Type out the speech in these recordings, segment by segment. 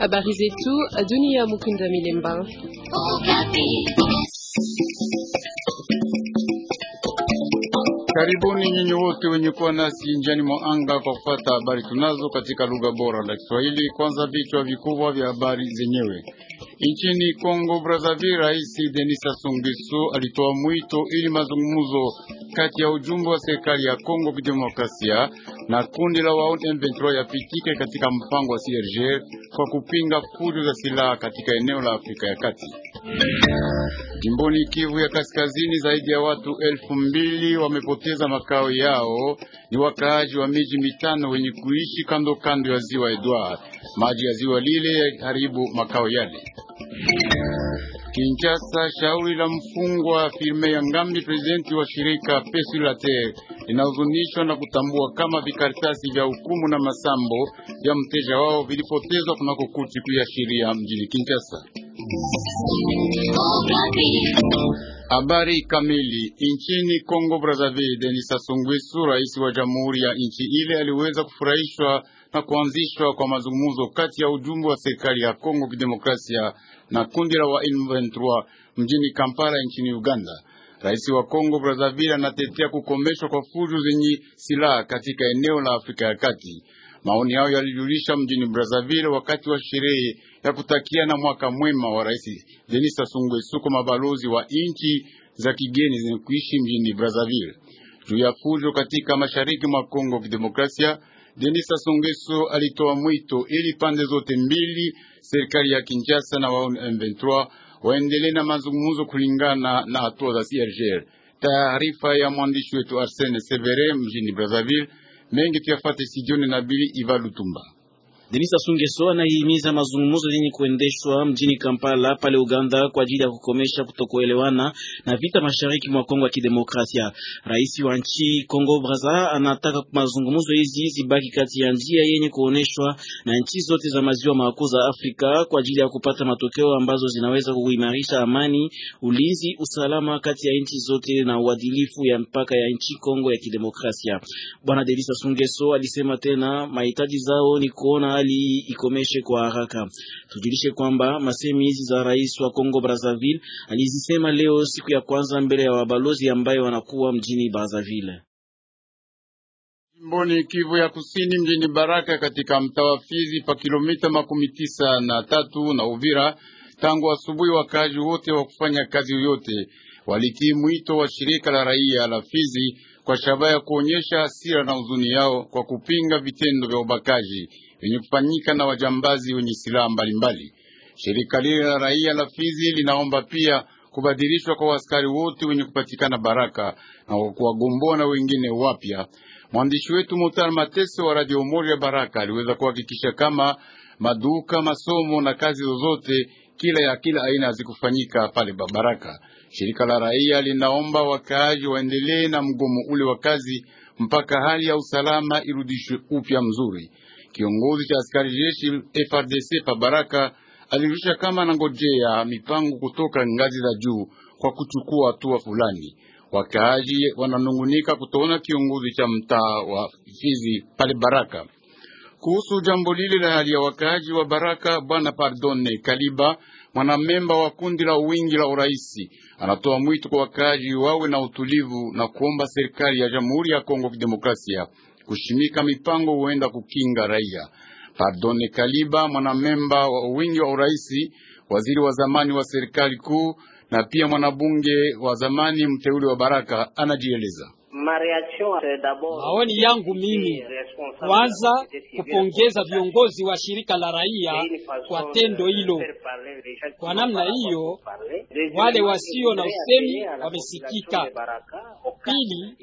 Habari zetu Dunia Mukunda Milemba. Karibuni nyinyi wote wenye kuwa nasi njiani mwa anga kwa kufuata habari tunazo katika lugha bora la Kiswahili. Kwanza vichwa vikubwa vya habari zenyewe. Nchini Kongo Brazzaville, Rais Denis Sassou Nguesso alitoa mwito ili mazungumzo kati ya ujumbe wa serikali ya Kongo Kidemokrasia na kundi la wauni M23 ya katika mpango wa CRG kwa kupinga fujo za silaha katika eneo la Afrika ya Kati. Jimboni Kivu ya Kaskazini, zaidi ya watu elfu mbili wamepoteza makao yao. Ni wakaaji wa miji mitano wenye kuishi kando kando ya ziwa Edward. Maji ya ziwa lile haribu makao yale. Kinshasa, shauri la mfungwa Firme ya Ngambi, presidenti wa shirika Pesulater linahuzunishwa na kutambua kama vikaratasi vya hukumu na masambo vya mteja wao vilipotezwa kunako kuti kuu ya sheria mjini Kinshasa. Habari kamili. Nchini Kongo Brazzaville, Denis Sassou Nguesso, rais wa jamhuri ya nchi ile, aliweza kufurahishwa na kuanzishwa kwa mazungumzo kati ya ujumbe wa serikali ya Kongo Kidemokrasia na kundi la M23 mjini Kampala nchini Uganda. Rais wa Kongo Brazzaville anatetea kukomeshwa kwa fujo zenye silaha katika eneo la Afrika ya Kati. Maoni hayo yalijulisha mjini Brazzaville wakati wa sherehe ya kutakia na mwaka mwema wa Rais Denis Sassou Nguesso kwa mabalozi wa nchi za kigeni zenye kuishi mjini Brazzaville juu ya fujo katika mashariki mwa Kongo Kidemokrasia. Denis Sassou Nguesso alitoa mwito ili pande zote mbili, serikali ya Kinshasa na wa M23 waendelee na mazungumzo kulingana na hatua za CRGL. Taarifa ya mwandishi wetu Arsene Severe mjini Brazzaville. Mengi tuyafate sidioni na Bili Iva Lutumba. Denis Sassou anahimiza mazungumzo yenye kuendeshwa mjini Kampala pale Uganda kwa ajili ya kukomesha kutokuelewana na vita mashariki mwa Kongo ya Kidemokrasia. Rais wa nchi Kongo Brazza anataka mazungumzo hizi zibaki kati ya njia yenye kuoneshwa na nchi zote za maziwa makuu za Afrika kwa ajili ya kupata matokeo ambazo zinaweza kuimarisha amani, ulinzi, usalama kati ya nchi zote na uadilifu ya mpaka ya nchi Kongo ya Kidemokrasia. Bwana Denis Sassou alisema tena mahitaji zao ni kuona hali ikomeshe kwa haraka. Tujulishe kwamba masemi hizi za rais wa Kongo Brazzaville alizisema leo siku ya kwanza mbele ya wabalozi ambayo wanakuwa mjini Brazzaville. Jimboni Kivu ya Kusini, mjini Baraka katika mtaa wa Fizi pa kilomita makumi tisa na tatu na Uvira. Tangu asubuhi wakazi wote wa kufanya kazi yoyote walitii mwito wa shirika la raia la Fizi kwa shabaha ya kuonyesha hasira na huzuni yao kwa kupinga vitendo vya ubakaji vyenye kufanyika na wajambazi wenye silaha mbalimbali. Shirika lile la raia la Fizi linaomba pia kubadilishwa kwa askari wote wenye kupatikana baraka na kuwagomboa na wengine wapya. Mwandishi wetu Mutar Mateso wa Radio umoja ya Baraka aliweza kuhakikisha kama maduka, masomo na kazi zozote kila ya kila aina hazikufanyika pale Babaraka. Shirika la raia linaomba wakaaji waendelee na mgomo ule wa kazi mpaka hali ya usalama irudishwe upya mzuri. Kiongozi cha askari jeshi FRDC pa Baraka alirusha kama anangojea mipango kutoka ngazi za juu kwa kuchukua hatua fulani. Wakaaji wananungunika kutoona kiongozi cha mtaa wa Fizi pale Baraka kuhusu jambo lile la hali ya wakaaji wa Baraka. Bwana Pardone Kaliba, mwanamemba wa kundi la wingi la uraisi, anatoa mwito kwa wakaaji wawe na utulivu na kuomba serikali ya Jamhuri ya Kongo Kidemokrasia kushimika mipango huenda kukinga raia. Pardone Kaliba, mwanamemba wa wingi wa uraisi, waziri wa zamani wa serikali kuu na pia mwanabunge wa zamani mteuli wa Baraka, anajieleza. Maoni yangu mimi, kwanza kupongeza viongozi wa shirika la raia kwa tendo hilo. Kwa namna hiyo, wale wasio na usemi wamesikika, Pili,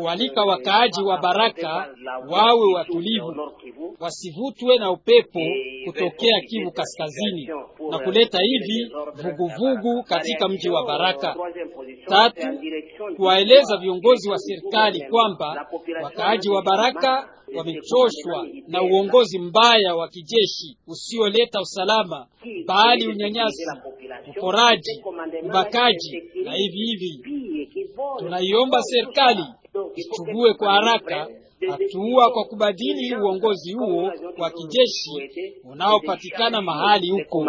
kualika wakaaji wa Baraka wawe watulivu, wasivutwe na upepo eh, kutokea Kivu Kaskazini na kuleta hivi vuguvugu katika mji wa Baraka. Tatu, kuwaeleza viongozi wa serikali kwamba wakaaji wa Baraka wamechoshwa na uongozi mbaya wa kijeshi usioleta usalama, bali unyanyasi, uporaji, ubakaji na hivi hivi Tunaiomba serikali ichukue kwa haraka hatua kwa kubadili uongozi huo wa kijeshi unaopatikana mahali huko.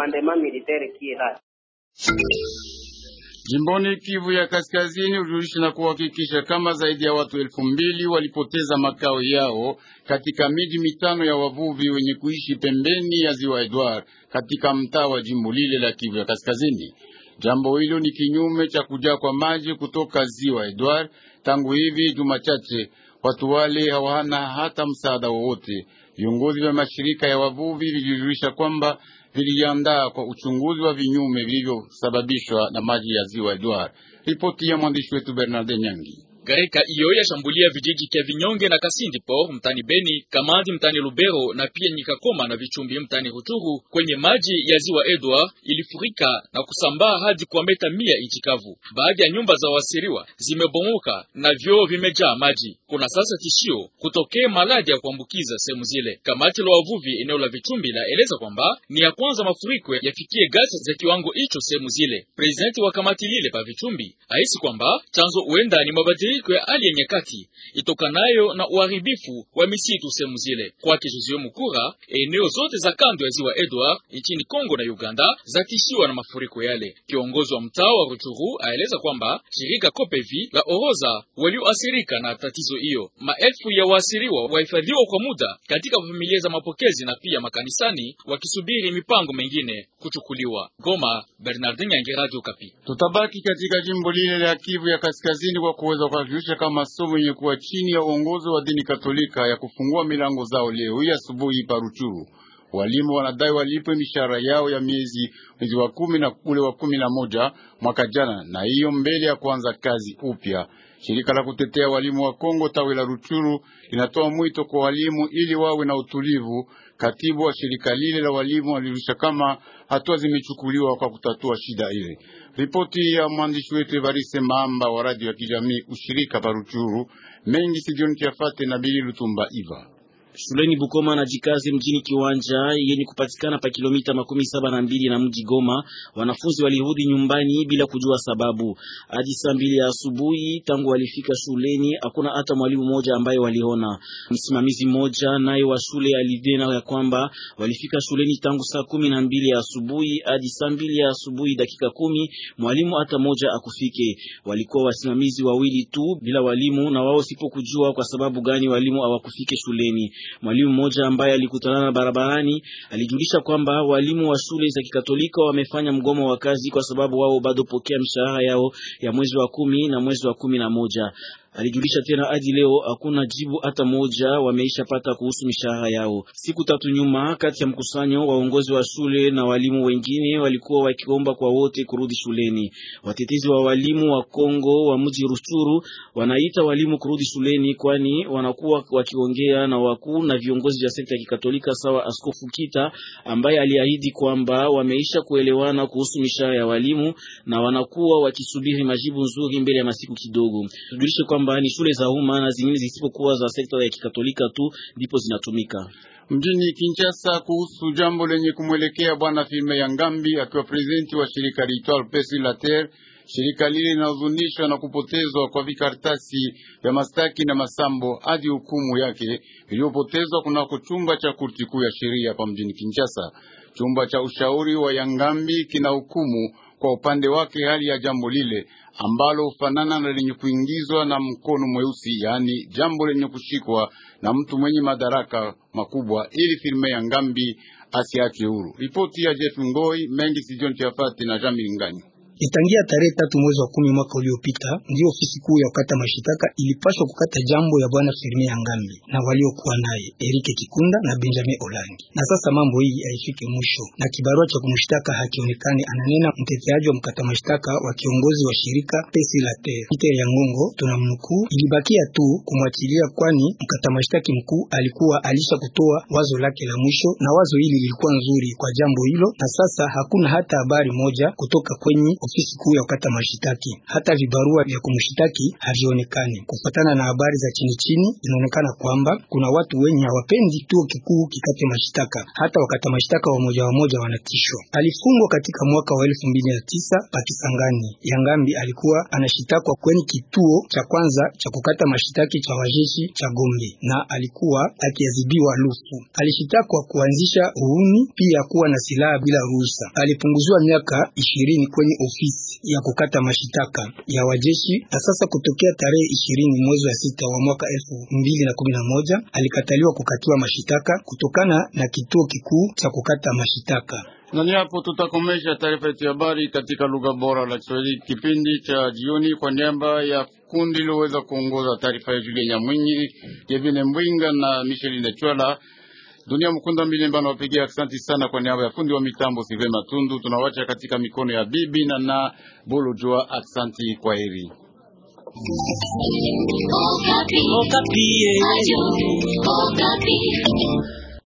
Jimboni Kivu ya Kaskazini ulijulisha na kuhakikisha kama zaidi ya watu elfu mbili walipoteza makao yao katika miji mitano ya wavuvi wenye kuishi pembeni ya ziwa Edward katika mtaa wa jimbo lile la Kivu ya Kaskazini. Jambo hilo ni kinyume cha kujaa kwa maji kutoka ziwa Edward tangu hivi juma chache. Watu wale hawana hata msaada wowote. Viongozi vya mashirika ya wavuvi vilijulisha kwamba vilijiandaa kwa uchunguzi wa vinyume vilivyosababishwa na maji ya ziwa Edward. Ripoti ya mwandishi wetu Bernard Nyangi. Gareka iyo yashambulia vijiji kya Vinyonge na Kasindi Port mtani Beni, Kamandi mtani Lubero na pia Nyikakoma na Vichumbi mtani Ruchuru, kwenye maji ya ziwa Edward ilifurika na kusambaa hadi kwa meta mia ichikavu. Baadhi ya nyumba za wasiriwa zimebomoka na vyoo vimejaa maji. Kuna sasa tishio kutokea maradhi ya kuambukiza sehemu zile. Kamati la wavuvi eneo la Vichumbi laeleza kwamba ni ya kwanza mafuriko yafikie gasa za kiwango hicho sehemu zile. Presidenti wa kamati lile pa Vichumbi aisi kwamba chanzo huenda ni mabadiliko mabadiliko ya hali ya nyakati itokanayo na uharibifu wa misitu sehemu zile. Kwake Josue Mukura, eneo zote za kando ya ziwa Edward nchini Kongo na Uganda zatishiwa na mafuriko yale. Kiongozi wa mtaa wa Ruchuru aeleza kwamba shirika Kopevi la oroza walioathirika na tatizo hiyo. Maelfu ya waasiriwa wahifadhiwa kwa muda katika familia za mapokezi na pia makanisani, wakisubiri mipango mengine kuchukuliwa. Goma, Bernardin Yangi, Radio Kapi. Tutabaki katika jimbo lile la Kivu ya kaskazini kwa kuweza kwa wanajulisha kama somo yenye kuwa chini ya uongozi wa dini Katolika ya kufungua milango zao leo hii asubuhi paruchuru. Walimu wanadai walipwe mishahara yao ya miezi mwezi wa kumi na ule wa kumi na moja mwaka jana, na hiyo mbele ya kuanza kazi upya. Shirika la kutetea walimu wa Kongo tawi la Ruchuru linatoa mwito kwa walimu ili wawe na utulivu. Katibu wa shirika lile la walimu alirusha kama hatua zimechukuliwa kwa kutatua shida ile. Ripoti ya mwandishi wetu Evariste Maamba wa radio ya kijamii ushirika pa Ruchuru mengi sidioni kiafate na Bili Lutumba Iva Shuleni Bukoma na Jikaze mjini Kiwanja yenye kupatikana pa kilomita makumi saba na mbili na mji Goma. Wanafunzi walirudi nyumbani bila kujua sababu. Hadi saa mbili ya asubuhi tangu walifika shuleni, hakuna hata mwalimu mmoja ambaye waliona. Msimamizi mmoja naye wa shule alidena ya kwamba walifika shuleni tangu saa kumi na mbili ya asubuhi hadi saa mbili ya asubuhi dakika kumi, mwalimu hata mmoja akufike. Walikuwa wasimamizi wawili tu bila walimu, na wao kujua kwa sababu gani walimu hawakufike shuleni. Mwalimu mmoja ambaye alikutana na barabarani alijulisha kwamba walimu wa shule za Kikatolika wamefanya mgomo wa kazi kwa sababu wao bado pokea mshahara yao ya mwezi wa kumi na mwezi wa kumi na moja. Alijulisha tena hadi leo hakuna jibu hata moja wameishapata kuhusu mishahara yao. Siku tatu nyuma, kati ya mkusanyo waongozi wa shule na walimu wengine walikuwa wakiomba kwa wote kurudi shuleni. Watetezi wa walimu wa Kongo wa mji rusuru wanaita walimu kurudi shuleni, kwani wanakuwa wakiongea na wakuu na viongozi wa sekta ya Kikatolika sawa Askofu Kita ambaye aliahidi kwamba wameisha kuelewana kuhusu mishahara ya walimu na wanakuwa wakisubiri majibu nzuri mbele ya masiku kidogo. Tujulishe kwamba kwamba ni shule za umma na zingine zisipokuwa za sekta ya kikatolika tu ndipo zinatumika mjini Kinshasa. Kuhusu jambo lenye kumwelekea bwana Fime ya Ngambi akiwa prezidenti wa shirika Ritual Pesi la Terre, shirika lile linahuzunishwa na kupotezwa kwa vikaratasi vya mastaki na masambo hadi hukumu yake iliyopotezwa kunako chumba cha kurti kuu ya sheria pa mjini Kinshasa. Chumba cha ushauri wa Yangambi kina hukumu kwa upande wake hali ya jambo lile ambalo hufanana na lenye kuingizwa na mkono mweusi, yaani jambo lenye kushikwa na mtu mwenye madaraka makubwa, ili firme ya Ngambi asiachwe huru. Ripoti ya Jeff Ngoi mengi sijoni chafati na Jamilingani. Itangia tarehe tatu mwezi wa kumi mwaka uliopita ndio ofisi kuu ya kukata mashitaka ilipaswa kukata jambo ya bwana Firmin Yangambi na waliokuwa naye Erike Kikunda na Benjamin Olangi, na sasa mambo hii haifiki mwisho na kibarua cha kumshtaka hakionekani ananena mteteaji wa mkata mashtaka wa kiongozi wa shirika Pesi la Terre Peter Yangongo, tunamnukuu: ilibakia tu kumwachilia, kwani mkata mashtaki mkuu alikuwa alisha kutoa wazo lake la mwisho, na wazo hili lilikuwa nzuri kwa jambo hilo, na sasa hakuna hata habari moja kutoka kwenye ofisi kuu ya kukata mashitaki. Hata vibarua vya kumshitaki havionekani. kufuatana na habari za chini chini, inaonekana kwamba kuna watu wenye hawapendi kituo kikuu kikate mashitaka hata wakata moja wamoja wamoja wanatishwa. Alifungwa katika mwaka wa elfu mbili na tisa Pakisangani. Yangambi alikuwa anashitakwa kwenye kituo cha kwanza cha kukata mashitaki cha wajeshi cha Gombe na alikuwa akiadhibiwa lufu. Alishitakwa kuanzisha uhuni, pia kuwa na silaha bila ruhusa. Alipunguziwa miaka ishirini kwenye ofisi ya kukata mashitaka ya wajeshi na sasa kutokea tarehe ishirini mwezi wa sita wa mwaka elfu mbili na kumi na moja alikataliwa kukatiwa mashitaka kutokana na kituo kikuu cha kukata mashitaka na ni hapo tutakomesha taarifa yetu ya habari katika lugha bora la Kiswahili kipindi cha jioni, kwa niaba ya kundi iliyoweza kuongoza taarifa ya Julia Nyamwinyi, Kevin Mbwinga na Micheline Nechwala. Dunia Mkunda Milemba nawapigia asanti sana kwa niaba ya fundi wa mitambo Sive Matundu. Tunawacha katika mikono ya bibi na na Bolojua. Asanti, kwa heri. Okapi. Okapi.